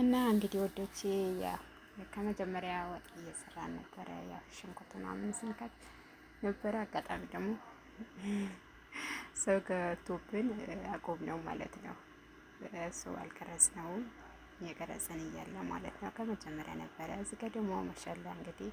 እና እንግዲህ ወዶቼ ያ ከመጀመሪያ ወጥ እየሰራን ነበረ። ያ ሽንኩርት ምናምን ስንከት ነበረ። አጋጣሚ ደግሞ ሰው ገብቶብን ነው ማለት ነው። እሱ አልቀረጽነውም፣ እየቀረጽን እያለ ማለት ነው። ከመጀመሪያ ነበረ። እዚህ ጋ ደግሞ ማሻላ እንግዲህ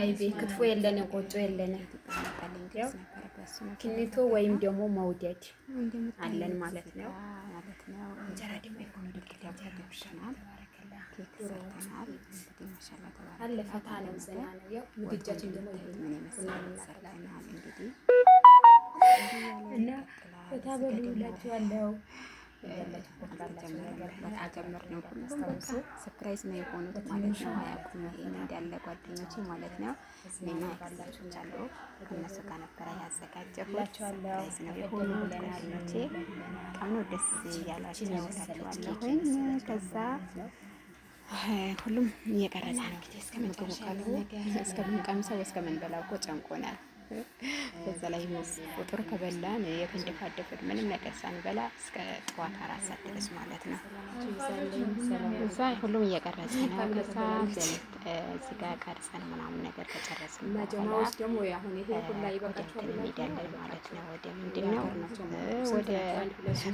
አይቤ ክትፎ የለን ቆጮ የለን ክኒቶ ወይም ደግሞ መውደድ አለን ማለት ነው። እንጀራ ደግሞ አለ ፈታ ነው፣ ዘና ነው። ያው ምግጃችን ደግሞ እና ፈታ በሉ እላችኋለሁ የተጀመረ ነበር አጀመር ነው ማስታወሱ ሰፕራይዝ ነው የሆኑት ማለት ነው። አያውቁም ይሄን እንዳለ ማለት ነው። እኔና ያላችሁን ያለው ጋር ነበረ ያዘጋጀሁት ነው የሆኑ ጓደኞቼ በጣም ነው ደስ እያላቸው ያወታቸዋለሁኝ። ከዛ ሁሉም እየቀረጸ ነው እንግዲህ እስከምንቀምሰው እስከምንቀምሰው እስከምንበላው እኮ ጨንቆናል። በዛ ላይ ቁጥር ከበላን የተንደፋደፈን ምንም ነገር ሳንበላ እስከ ጠዋት አራት ሰዓት ድረስ ማለት ነው። እዛ ሁሉም እየቀረጸ ነው። ከዛ እዚህ ጋር ቀርጸን ምናምን ነገር ከጨረስን ወደ እንትን እንሄዳለን ማለት ነው። ወደ ምንድን ነው ወደ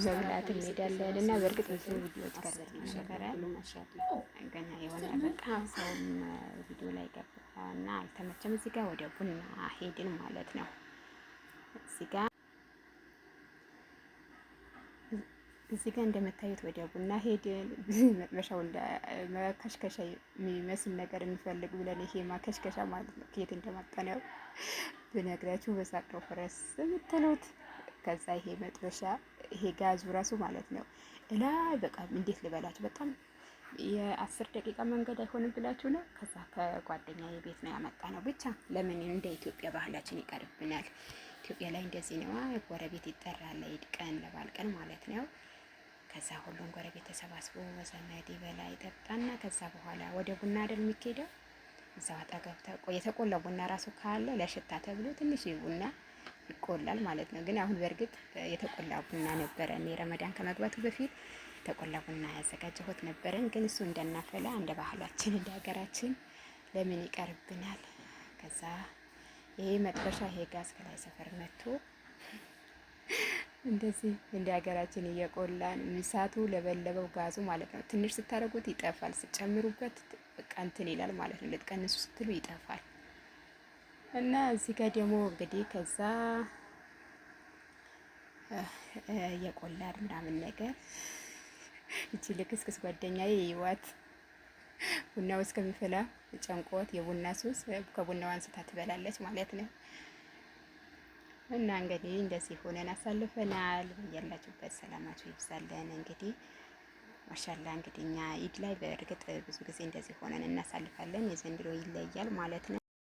መብላት እንሄዳለን እና በእርግጥ ብዙ ቪዲዮዎች ቀረጽ ነበረ ገና የሆነ በቃ ሰውም ቪዲዮ ላይ ገባ እና አልተመቸም። እዚህ ጋር ወደ ቡና ሄድን ማለት ነው። እዚህ ጋር እዚህ ጋር እንደምታዩት ወደ ቡና ሄድን። መጥበሻው ከሽከሻ የሚመስል ነገር የሚፈልግ ብለን ይሄ ማከሽከሻ ማለት ነው። ከየት ነው ብነግራችሁ በሳቀው ፍረስ የምትሉት ከዛ ይሄ መጥበሻ ይሄ ጋዙ ራሱ ማለት ነው። እላይ በቃ እንዴት ልበላችሁ በጣም የአስር ደቂቃ መንገድ አይሆንም ብላችሁ ነው። ከዛ ከጓደኛ የቤት ነው ያመጣ ነው። ብቻ ለምን እንደ ኢትዮጵያ ባህላችን ይቀርብናል። ኢትዮጵያ ላይ እንደዚህ ነዋ። ጎረቤት ይጠራል፣ ለኢድ ቀን ለባል ቀን ማለት ነው። ከዛ ሁሉም ጎረቤት ተሰባስቦ በዘመድ ይበላ ይጠጣና ከዛ በኋላ ወደ ቡና አይደል የሚኬደው። እዛው አጠገብ የተቆላ ቡና ራሱ ካለ ለሽታ ተብሎ ትንሽ ቡና ይቆላል ማለት ነው። ግን አሁን በእርግጥ የተቆላ ቡና ነበረ። እኔ ረመዳን ከመግባቱ በፊት የተቆላ ቡና ያዘጋጀሁት ነበረን። ግን እሱ እንደናፈላ እንደ ባህላችን እንደ ሀገራችን ለምን ይቀርብናል? ከዛ ይሄ መጥበሻ ይሄ ጋዝ ከላይ ሰፈር መጥቶ እንደዚህ እንደ ሀገራችን እየቆላን ምሳቱ ለበለበው ጋዙ ማለት ነው። ትንሽ ስታደርጉት ይጠፋል፣ ስጨምሩበት በቃ እንትን ይላል ማለት ነው። ልትቀንሱ ስትሉ ይጠፋል። እና እዚህ ጋር ደግሞ እንግዲህ ከዛ የቆላል ምናምን ነገር እቺ ልክስክስ ጓደኛዬ ይዋት ውስጥ ከሚፈላ ጨንቆት የቡና ሱስ ከቡናው አንስታ ትበላለች ማለት ነው። እና እንግዲህ እንደዚህ ሆነን አሳልፈናል። በያላችሁበት ሰላማችሁ ይብዛለን። እንግዲህ ማሻላ እንግዲህ እኛ ኢድ ላይ በእርግጥ ብዙ ጊዜ እንደዚህ ሆነን እናሳልፋለን። የዘንድሮ ይለያል ማለት ነው።